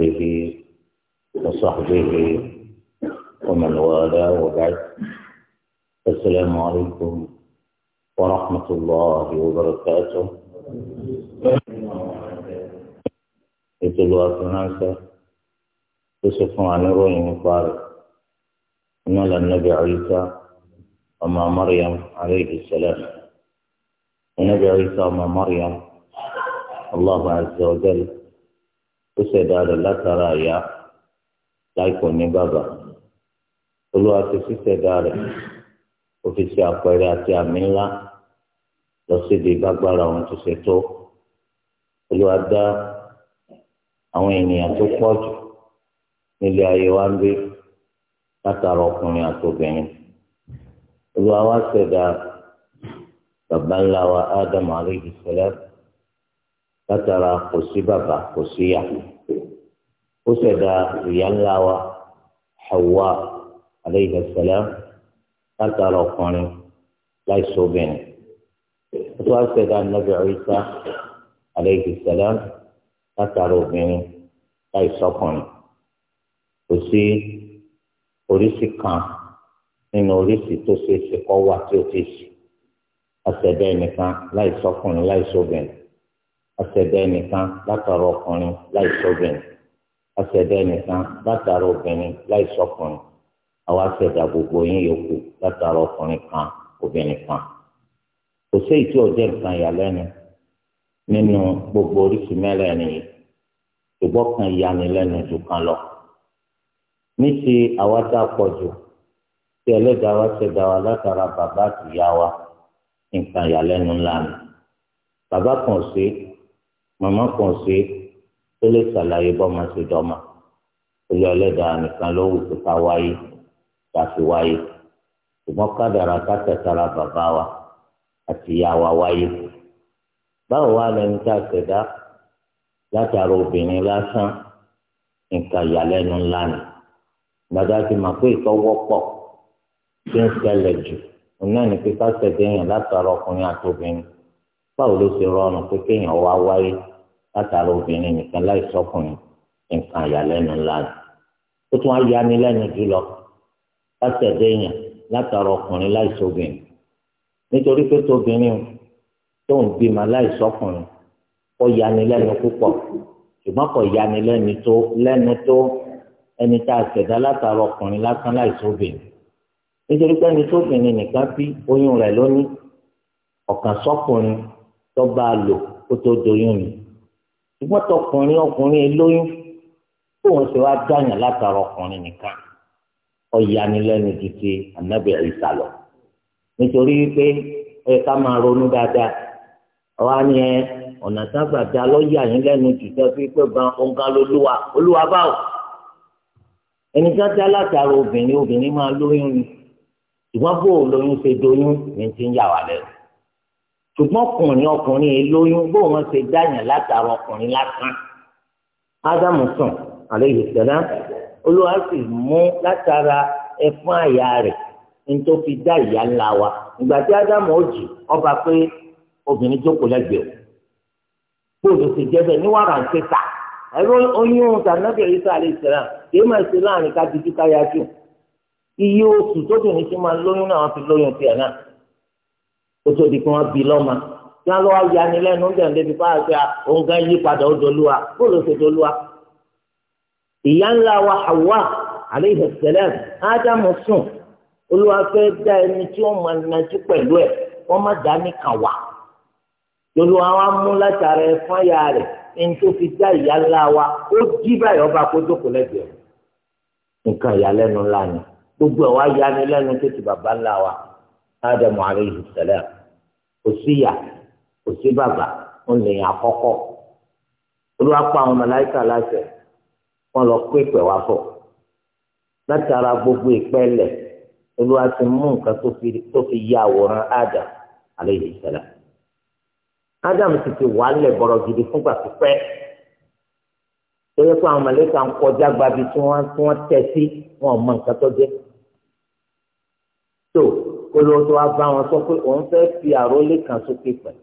وصحبه وصحبه ومن والاه وبعد السلام عليكم ورحمة الله وبركاته يتلو أفناسا يصف عن روي مبارك مال النبي عيسى وما مريم عليه السلام النبي عيسى وما مريم الله عز وجل ó ṣẹ̀dá rẹ̀ látara àyà láìpọ̀ ní bàbá olúwa ti ṣíṣẹ̀dá rẹ̀ ó fi ṣe àpẹẹrẹ àti àmì ńlá lọ síbi gbàgbára òun tó ṣe tó olúwa dá àwọn ènìyàn tó pọ̀ jù nílé ayé wa ń gbé látara ọkùnrin àti olúwa wá ṣẹ̀dá bàbá ńlá wa ádámù alayhi salam látara kò sí bàbá kò sí yà ó ṣẹ̀dá ìyá ńlá wa Hawa aleyhi salam látara ọkùnrin láìsọ obìnrin ó tún wá ṣẹ̀dá Nabi Isa aleyhi salam látara obìnrin láìsọ ọkùnrin kò sí oríṣi kan nínú oríṣi tó ṣe é ṣe kọ́ wà tí ó ti ṣe ọ̀sẹ̀ bẹ́ẹ̀ nìkan láìsọkùnrin láìsọbìnrin ọ̀sẹ̀dẹ̀ nìkan látara ọkùnrin láì sọ́bìnrin ọ̀sẹ̀dẹ̀ nìkan látara obìnrin láì sọ́kùnrin àwa ṣẹ̀dá gbogbo yín yòókù látara ọkùnrin kan obìnrin kan kò séyìí tí ọjọ́ nǹkan ìyàlẹ́nu nínú gbogbo oríṣi mẹ́rẹ̀ẹ̀rin yìí ṣùgbọ́n kan ìyanilẹ́nu jù kan lọ ní ti àwa tá a pọ̀ jù tí ẹlẹ́dàá wa ṣẹ̀dá wa látara bàbá àti ìyá wa nǹkan ìyàlẹ́nu ńlá ni bàbá kan ò sí màmá kan ṣe tó lè ṣàlàyé bọ́mọ ṣe dọ́mọ olú ẹlẹ́dàá nìkan ló wù kó ká wáyé ká fi wáyé ṣùgbọ́n kádàrá kátàkárà bàbá wa àti ìyá wa wáyé báwo wá lẹni tá a ṣẹ̀dá látara obìnrin lásán nǹkan ìyàlẹ́nu ńlá ni gbàdá ti mọ̀ pé ìtọ́wọ́pọ̀ tí ń ṣẹlẹ̀ jù náà ní pípa ṣẹ̀dá èèyàn látara ọkùnrin àti obìnrin báwo ló ṣe rọrùn pé kéèyàn wá wáyé látara obìnrin nìkan láì sọkùnrin nǹkan àyàlẹ́nu ńlá ni ó tún á yani lẹ́nu jùlọ látẹ̀dé èèyàn látara ọkùnrin láì sóbìnrin nítorí pé tóbìnrin tó ń bímọ láì sọkùnrin ó yani lẹ́nu púpọ̀ ṣùgbọ́n kò yani lẹ́nu tó lẹ́nu tó ẹni tá a ṣẹ̀dá látara ọkùnrin lásán láì sóbìnrin nítorí pé ẹni tóbìnrin nìkan bí oyún rẹ̀ lónìí ọ̀kan sọkùnrin tó bá a lò kó tó doyún ni ṣùgbọ́n tọkùnrin ọkùnrin lóyún tó wọn ṣe wá dáyàn látara ọkùnrin nìkan ọ̀yanilẹ́nu ju ti ànábì lọ nítorí pé ẹ ká máa ronú dáadáa ọ̀wá ni ẹ ọ̀nà sábà dá lọ́ọ̀yà yín lẹ́nu jù sọ pé gan ọ̀gá lolúwa olúwa báwò ẹni tó dá látara obìnrin obìnrin máa lóyún ni ṣùgbọ́n bó lóyún ṣe doyún ni ti ń yà wá lẹ́nu ṣùgbọ́n ọkùnrin ọkùnrin èlóyún bó wọn ṣe dáyàn látara ọkùnrin lásán ádámù sàn àlejò sẹlẹ olúwa sì mú látara ẹfún àyà rẹ̀ tó fi dá ìyá ńlá wa ìgbà tí ádámù ó jì ọba pé obìnrin jókòó lẹ́gbẹ̀ẹ́ o bóòlù ń ṣe ta oyún àlejò sẹlẹ máa ṣe láàrin ká ti máa kó tó di pé wọ́n bí lọ́mọ kí wọ́n lọ́wọ́ yanni lẹ́nu ń dẹ̀ǹdẹ́ bí fáwọn ṣe òǹkà yí padà ó dolúwa kó ló ṣe dolúwa. ìyá ńlá wa Hawa aleyhi salam ádámù sùn olúwa fẹ́ dá ẹni tí wọ́n máa najú pẹ̀lú ẹ̀ wọ́n má dá ní kàwá lolúwa wa mú látara ẹ̀ fún ẹ̀yà rẹ̀ ẹni tó fi dá ìyá ńlá wa ó jí báyọ̀ ọba kó jókòó lẹ́gbẹ̀ẹ́ nǹkan ìyàlẹ́nu ńlá ni gbogbo ẹ̀ wá yanni lẹ́nu tó ti bàbá ńlá wa ádámù aleyhi salam kò sí ìyá kò sí bàbá wọn lè yàn àkọ́kọ́ olúwa pa àwọn màláíkà láṣẹ wọn lọ pé pẹ̀ wá láti ara gbogbo ìpẹ́lẹ̀ olúwa ti mú nǹkan tó fi yí àwòrán Adam alayhi salam Adam sì ti wà lẹ̀ bọ̀rọ̀ gidi fúngbà pípẹ́ torí pé àwọn màláíkà ń kọjá gbabi tí wọ́n tẹ̀ sí wọn mọ nǹkan tó jẹ́ tó kóló tó wá bá wọn sọ pé òun fẹ́ fi àrólé kan sókè pẹ̀lú.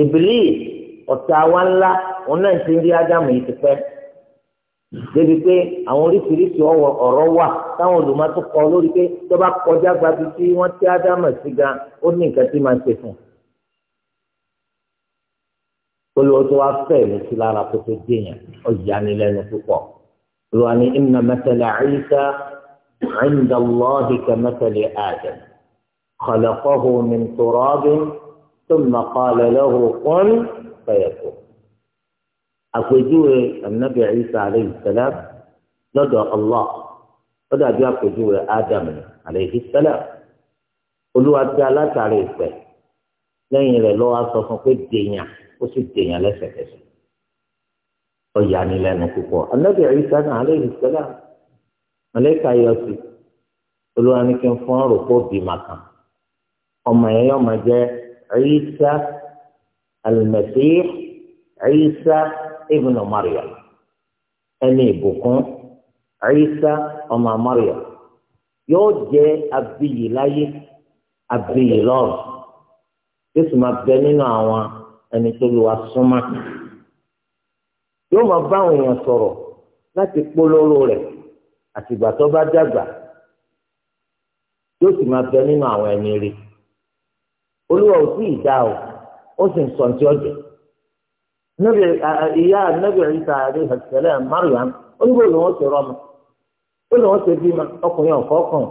ìbílíì ọ̀tá wa ńlá òun náà ti ń rí ádámù yìí ti pẹ́. débi pé àwọn oríṣiríṣi ọ̀rọ̀ wà táwọn olùmọ̀tò kọ lórí pé tó bá kọjá gbabi tí wọ́n ti ádámù sí gan ó ní nǹkan tí máa ń ṣe fún un. kóló tó wá fẹ́ mi sí lára kó tó dé yẹn ọ̀yánilẹ́nu púpọ̀. olùwà ni ìmùnà mẹ́tẹ̀lẹ̀ àyíká. عند الله كمثل آدم خلقه من تراب ثم قال له قل فيكون أخوجوه النبي عيسى عليه السلام لدى الله لدى بأخوجوه آدم عليه السلام قلوا أبدالات عليه السلام lẹ́yìn rẹ̀ lọ́wọ́ sọ fún pé dèèyàn ó sì dèèyàn lẹ́sẹ̀kẹsẹ̀ ọ̀yanilẹ́nu púpọ̀ anábìyà Isa náà mọlẹ́ka yọ sí olúwa ní kí n fún ọ̀rọ̀ kó bì màkà ọmọ yẹn yọ máa jẹ Isa al-Masih Isa ibn Maryam ẹni ìbùkún Isa ọmọ Maryam yóò jẹ abiyì láyé abiyì lọ́run yóò sì máa bẹ nínú àwọn ẹni tó lu wa súnmọ́ yóò máa bá àwọn èèyàn sọ̀rọ̀ láti polówó rẹ̀ àtìgbà tó bá dàgbà yóò sì máa bẹ nínú àwọn ẹni rí olúwa ò sí ìdá o ó sì ń sọ ti ọjọ́ níbi ìyá níbi ìta àrí ìṣẹ̀lẹ̀ mariam oníbò ni wọn ti rọmọ ó ní wọn ti bí ma ọkùnrin ọkọọkàn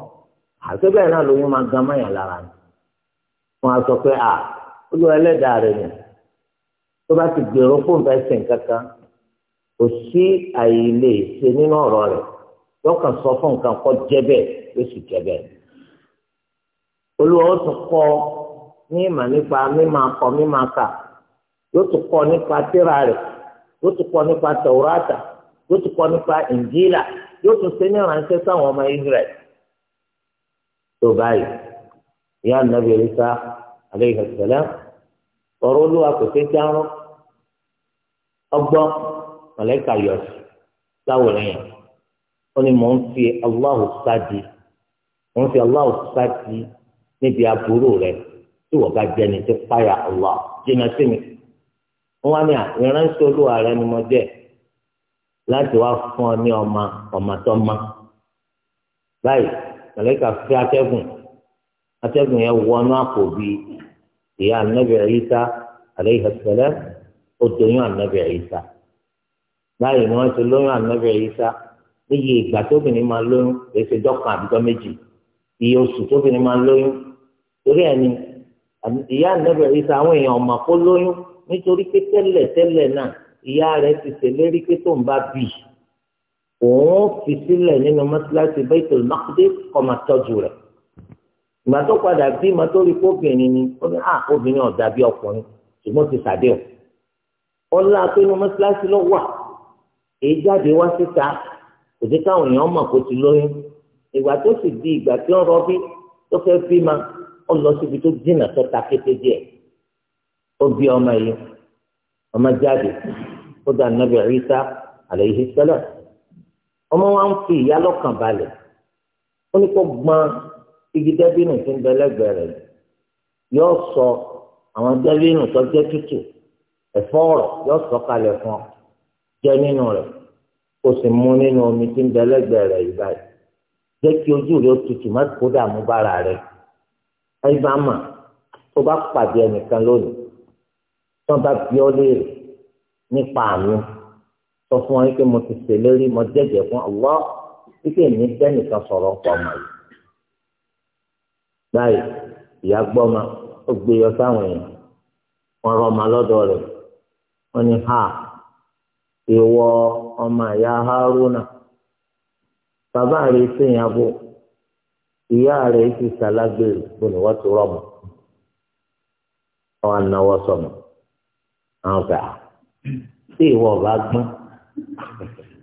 àti bẹ́ẹ̀ náà lóyún máa gan mọyàn lára ni wọn á sọ pé a olúwa ẹlẹ́dàá rẹ ni tó bá ti gbèrò fún bẹ́ẹ̀ sìn kankan kò sí àyè lè ṣe nínú ọ̀rọ̀ rẹ̀. lọ́kàn sọ fún nǹkan kọ́ jẹ́ bẹ́ẹ̀ sì jẹ́ tún kọ́ ní ìmọ̀ nípa akọ mímọ̀ aka yóò tún kọ́ nípa tírà rẹ̀ yóò tún kọ́ nípa tẹ̀wúrátà yóò tún kọ́ nípa yóò tún ṣe ní sáwọn ọmọ israẹl. tó báyìí ìyá olúwa kò ṣe ó ní mò ń fi Allahu sáàdì mò ń fi Allahu sáàdì níbi aburú rẹ tí wọ́n bá jẹ́ ni tí páyà Allah jìnnà sí mi. wọ́n wá ní ìránṣẹ́ rẹ ni mo jẹ́ láti wá fún ọ ní ọmọ báyìí mọ̀lẹ́kà fi atẹ́gùn atẹ́gùn yẹn wọnú àpò ìyá anabi Isa alayhi salam ó doyún anabi Isa báyìí ni wọ́n iye ìgbà tóbìnrin máa lóyún èsì dọ́kan àbíjọ́ méjì iye oṣù tóbìnrin máa lóyún torí ẹni ìyá nẹ́bẹ̀ ìsà àwọn èèyàn ọ̀mà kó lóyún nítorí pé tẹ́lẹ̀ tẹ́lẹ̀ náà ìyá rẹ̀ ti ṣèlérí pé tó ń bá bì òun fi sílẹ̀ nínú mọ́tíláṣí Baitul Maqdis kó máa tọ́jú rẹ̀ ìgbà tó padà bí ìmọ̀ tó rí kóbìnrin ni ó ní à obìnrin ọ̀dà bí ọkùnrin ṣùgbọ́n ti ṣàdéhùn ọlá pé inú mọ́tíláṣí lọ wà èyí jáde wá síta kò sí káwọn èèyàn mọ̀ kó ti lóyún ìgbà tó sì di ìgbà tí ó rọbí tó fẹ́ bí ma ó lọ síbi tó dínà tó ta kété díẹ̀ ó bí ọmọ yìí ọmọ jáde ó dà nàbì Ìsá alayhi salam ọmọ wa ń fi ìyá lọ́kàn balẹ̀ ó ní kó gbọ́n igi dẹ́bínú tó ń bẹ lẹ́gbẹ̀ẹ́ rẹ̀ yóò sọ àwọn dẹ́bínú tó jẹ́ tútù ẹ̀fọ́ ọ̀rọ̀ yóò sọ kalẹ̀ fún ọ jẹ nínú rẹ̀ kó sì mú nínú omi tí ń bẹ lẹ́gbẹ̀ẹ́ rẹ̀ yìí báyìí jẹ́ kí ojú rẹ̀ tutù má kó dààmú bára rẹ̀ ẹ̀yìnbá mà tó bá pàdé ẹnìkan lónìí tó bá bí ọ léèrè nípa àánú sọ fún wọn pé mo ti ṣèlérí mo jẹ́jẹ́ fún ọlọ́ pípé mi bẹ́nìkan sọ̀rọ̀ pọ̀ mọ́ yìí báyìí ìyá gbọ́mọ ó gbé yọ sáwọn èèyàn wọn rọ ọmọ lọ́dọ̀ rẹ̀ wọ́n ní ha. ìwọ ọmọ ìyá haruna bàbá rẹ̀ ṣèyàbò ìyá rẹ̀ sì ṣàlágbèrè bùnúwọ́ ti rọ̀mù wọn náwó sọmọ àwọn gbà tí ìwọ ọba gbọ́n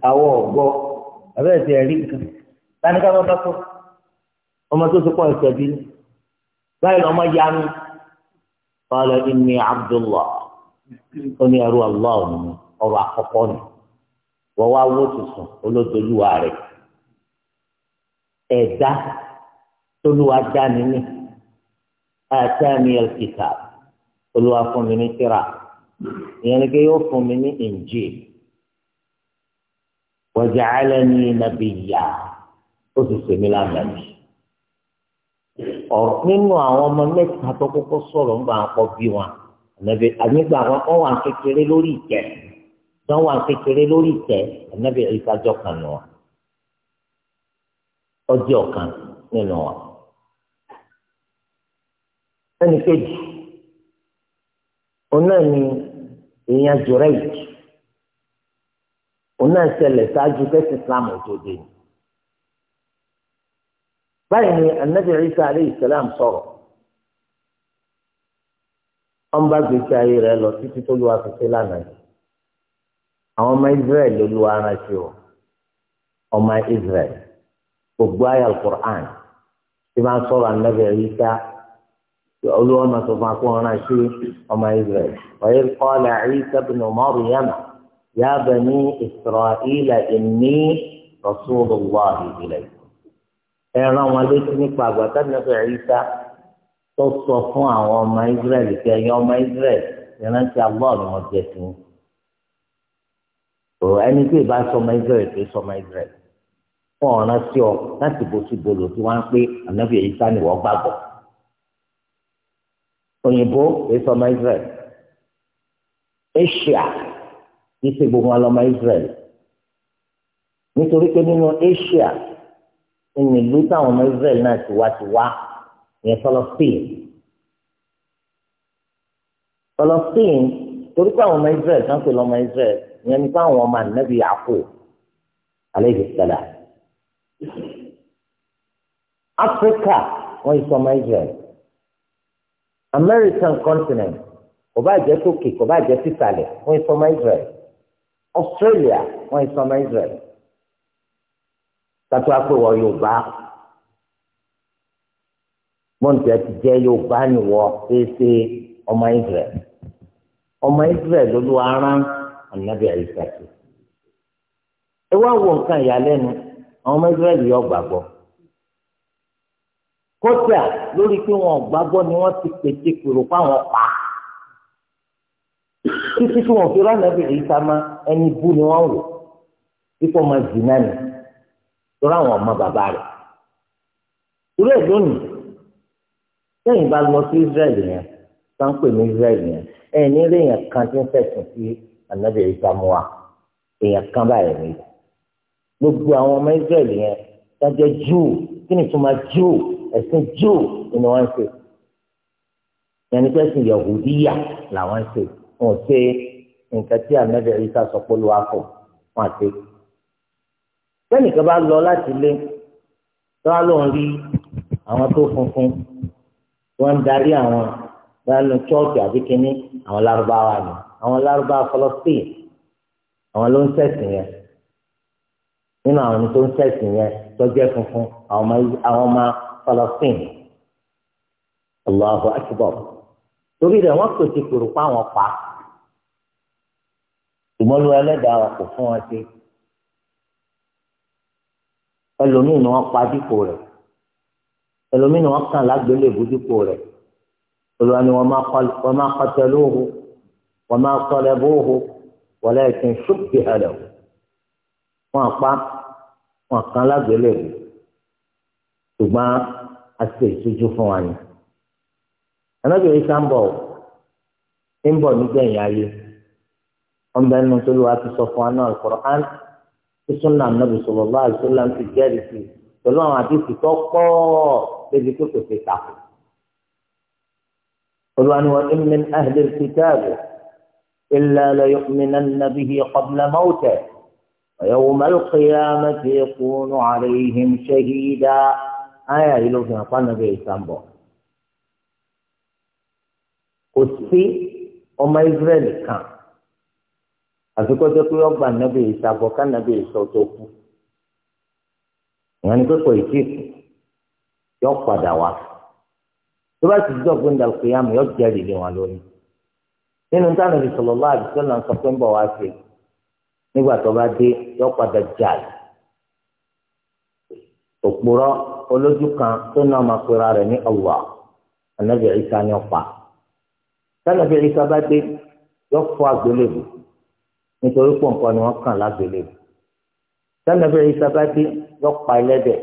àwọn ọgbọ abẹ́rẹ́ ti ẹ̀rí nǹkan tani ká bá bá tó ọmọ tó ti pọ̀ ìṣẹ́bí báyìí lọ́mọ yá mi ó ní ẹrú ọ̀rọ̀ àkọ́kọ́ ni wọ́n wá wó tuntun olódolúwa rẹ̀ ẹ̀dá tolúwa dání ní àtàmì ẹ̀kìtà olúwa fún mi ní tírà ìyẹn ni pé yóò fún mi ní Injil wa ja'alani nabiyya ó sì sèmi lánàbí ọ̀rọ̀ nínú àwọn ọmọ mẹ́ta tó kọ́kọ́ sọ̀rọ̀ ńgbà ńkọ́ bí wọn ànígbà wọn wà kékeré lórí ìkẹyìn tán wà kékeré lórí ìtẹ́ ànábì Ìsá jọ kan nù wọn ọjọ́ kan nínú wọn. ẹnì kejì òun náà ni èèyàn jùrẹ́yì òun náà ṣẹlẹ̀ ṣáájú kẹ́sì Islam òjòdè ni. báyìí ni ànábì Ìsá alayhi salam sọ̀rọ̀ ọ̀nba gbèsè ayé rẹ̀ lọ títí tó lù wá fi ṣe lánàá yìí àwọn ọmọ israel ló lu ara sí o ọmọ israel gbogbo ayé alukur'an tí wọ́n sọ̀rọ̀ anabi ẹyíṣà olúwa máa sọ fún akó ọ̀ràn sí ọmọ israel ọyẹ kọlá ẹyíṣà bin maryam ya bani israel inni rasulullah ilaykum ẹ rán wọn létí nípa àgbàtà anabi ẹyíṣà tó sọ fún àwọn ọmọ israel kẹyìn ọmọ israel ìrántí agbọ́ọ̀lù wọn jẹ sí wọn tó ẹni tí ìbá sọmọ israẹl tó sọmọ israẹl fún ọ̀ràn sí ọ láti bòsíbolò tí wọ́n á pé ànábìyẹ yìí sá nìwọ́ gbàgbọ́ òyìnbó tó sọmọ israẹl asia kì í ṣe gbogbo wọn lọmọ israẹl nítorí pé nínú asia ìní ìlú táwọn ọmọ israẹl náà ti wá ti wá ìyẹn fọlọ́sìn fọlọ́sìn torí pé àwọn ọmọ Israẹl kan pè lọ́mọ Israẹl ìyẹn ni pé àwọn ọmọ ànábì àpò alayhi salam Áfíríkà wọn yìí sọmọ Israẹl American continent kò bá jẹ́ tókè kò bá jẹ́ sísàlẹ̀ wọn yìí sọmọ Israẹl Australia wọn yìí sọmọ Israẹl kátó àpò wọ Yorùbá mọ̀ntì ẹ ti jẹ́ Yorùbá nìwọ ṣeéṣe ọmọ Israẹl ọmọ israẹl ló lu ara ànábì àyíká sí ẹ wá wo nǹkan ìyàlẹ́nu àwọn ọmọ israẹl yọ gbàgbọ́ kódà lórí pé wọn gbàgbọ́ ni wọ́n ti pète kúrò fáwọn pa títí tí wọn fi ránàbì àyíká má ẹni bú ni wọ́n wò kíkọ́ máa jìnnà ni lórí àwọn ọmọ bàbá rẹ̀ ìrú sẹ́yìn bá lọ sí israẹl yẹn sáńpẹ̀ ní israẹl yẹn ẹni rí èèyàn kan tí ń fẹ̀sùn sí ànábì ìta mu wa èèyàn kan báyìí rí gbogbo àwọn ọmọ Israẹli yẹn dájọ júù kí ni tó máa júù ẹ̀sìn júù ni wọ́n ń ṣe yẹnni pé ẹ̀sìn yahudiya làwọn ń ṣe wọn ò ṣe nǹkan tí ànábì ìta sọ pé olúwa kọ wọn àti sẹ́nìkan bá lọ láti ilé tó wá lóun rí àwọn tó funfun wọ́n ń darí àwọn lẹ́nu chọ́ọ̀tù àbí kínní àwọn lárúbáwá ni àwọn lárúbáwá fọlọ́sìn àwọn ló ń sẹ̀sìn yẹn nínú àwọn tó ń sẹ̀sìn yẹn tọ́jẹ́ funfun àwọn ọmọ fọlọ́sìn Allahu akbar torí rẹ̀ wọ́n pèsè kúrò pa àwọn pa ìmọ̀lú ẹlẹ́dàá wa kò fún wọn ṣe ẹlòmíì ni wọ́n pa dípò rẹ̀ ẹlòmíì ni wọ́n kàn lágbélébùú dípò rẹ̀ olùwàní wọn máa kọtẹlóhu wọn máa kọlẹbóhu wọlé ẹsìn ṣùgbọ́n ẹlẹ wọn apá wọn kan lágbélébù ṣùgbọ́n a ṣe ìtújú fún wa ni anábìrin sáńbọ ń bọ̀ nígbẹ̀yìn ayé ọmọbìnrin nínú tó lù wá ti sọ fún wa náà Al-Qur'an tí súnà nàbì sallallahu alaihi wasallam ti jẹ́rìí sí pẹ̀lú àwọn àdìsí tó pọ̀ débi pé kò ṣe tàkùn olùwàní wa ìmìn ahlil kitaabi ilà lẹyọ mìíràn nàbìhì qabla mọ́tẹ ọ̀yọ́wò mẹ́lùkìyà mẹ́tì kùnú àríhìn ṣẹ́hídà ayé yìí ló fi hàn pa nàbẹ̀ ìsàmbọ̀. kò sí ọmọ israẹli kan àfikún tó pé ọgbà nàbẹ̀ ìsàbọ̀ ká nàbẹ̀ ìsọ̀ tó kú ìyẹn ni pé kò ì tí kú yọ padà wá fún tó bá sì jọ pé ndàlù kìyàmù yọ jẹ́rìí lé wọn lórí nínú táwọn ibi sọlọ lọ àdìsọ náà sọ pé ń bọ̀ wá sí nígbà tó bá dé yọ padà jáì òpùrọ́ olójú kan tó náà máa pera rẹ̀ ní ọwọ́ ànábì ìsá ni ó pa tánàbì ìsá bá dé yọ fọ àgbélébù nítorí pọ̀ ni wọ́n kàn lágbélébù tánàbì ìsá bá dé yọ pa ẹlẹ́dẹ̀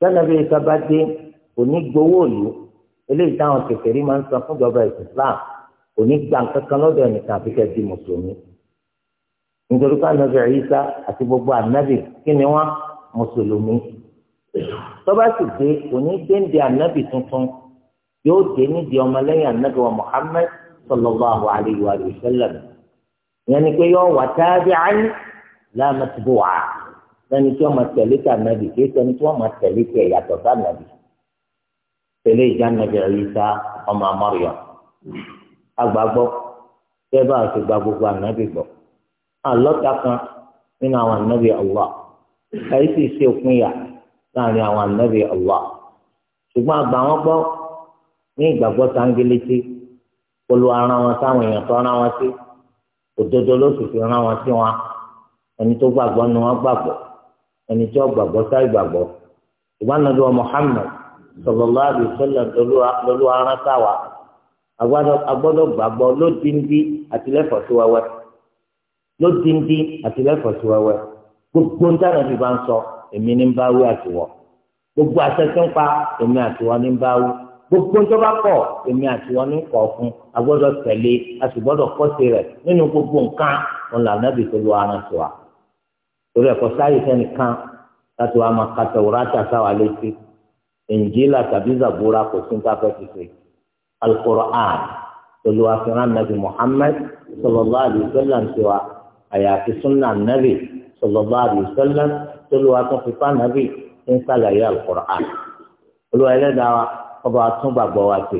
tánàbì ìsá bá dé onígbowó òlu eléyìí táwọn kèfèrí máa ń san fún ìjọba Islam onígbà kankan lọ́dọ̀ ẹnìkan àfikẹ́ di mùsùlùmí nítorí pé anabi Ìsá àti gbogbo anabi kí ni wọn mùsùlùmí tọ́ba sì dé onídéǹdé anabi tuntun yóò dé nídìí ọmọlẹ́yìn anabi wa Muhammad sallallahu alayhi wa sallam ìyẹn ni pé yóò wà tabi'an la matbu'a lẹ́ni tí wọ́n máa tẹ̀lé tà nàbì kí sẹ́ni tí wọ́n máa tẹ̀lé tẹ̀ yàtọ̀ tà nàbì tẹ̀lé ìjánabi Ìsá ọmọ Maryam agbàgbọ́ tẹ́ bá a ti gba gbogbo ànábì nínú àwọn ànábì Allah èyí sì ṣe òpin yà láàrin àwọn ànábì Allah ṣùgbọ́n àgbà wọn gbọ́ ní ìgbàgbọ́ sáńgélétí polo ara wọn sáwọn èèyàn tó ara wọn sí òdodo ló sì fi ara wọn sí wọn ẹni tó gbàgbọ́ ni wọ́n gbàgbọ́ ẹni tó gbàgbọ́ sáì gbàgbọ́ ṣùgbọ́n ànábì Muhammad sallallahu alaihi wasallam lọ́lú ara sáwà agbọ́dọ̀ gbàgbọ́ lódìndí àtìlẹ́fọ̀síwẹ́wẹ́ lódìndí àtìlẹ́fọ̀síwẹ́wẹ́ gbogbo ń dáná bí bá ń sọ èmi ní ń bá wí àtiwọ́ gbogbo àtẹ̀sẹ̀ ń pa èmi àtiwọ́ ní ń bá wí gbogbo ń tọ́ba kọ̀ èmi àtiwọ́ ní kọ̀ fún agbọ́dọ̀ tẹ̀lé a sì gbọ́dọ̀ kọ́sí rẹ̀ nínú gbogbo nǹkan ọ̀là nàbì tó lu ara sí wa torí ẹ̀kọ́ sáyé sẹ́nìkan láti wá máa ka tẹ̀wúrátà sáwà létí ìnjìlá tàbí zàbúrà kò sí nǹkan fẹ́ ti ṣe alukur'an pẹ̀lú àfihàn nabi muhammed sallallahu alayhi wa sallam ti wa àyàfi sunna nabi sallallahu alayhi wa sallam pẹ̀lú àtúnfipá nabi ń sàlàyé alukur'an olùwà ẹlẹ́dàá wa ọba àtúngbàgbọ́ wa ti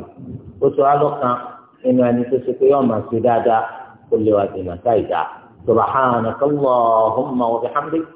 ó sọ alọ́kan nínú ẹni tó ṣe pé yóò máa ṣe dáadáa kó lè wà dènà táyì dáa subhanaka allahumma wa bihamdika.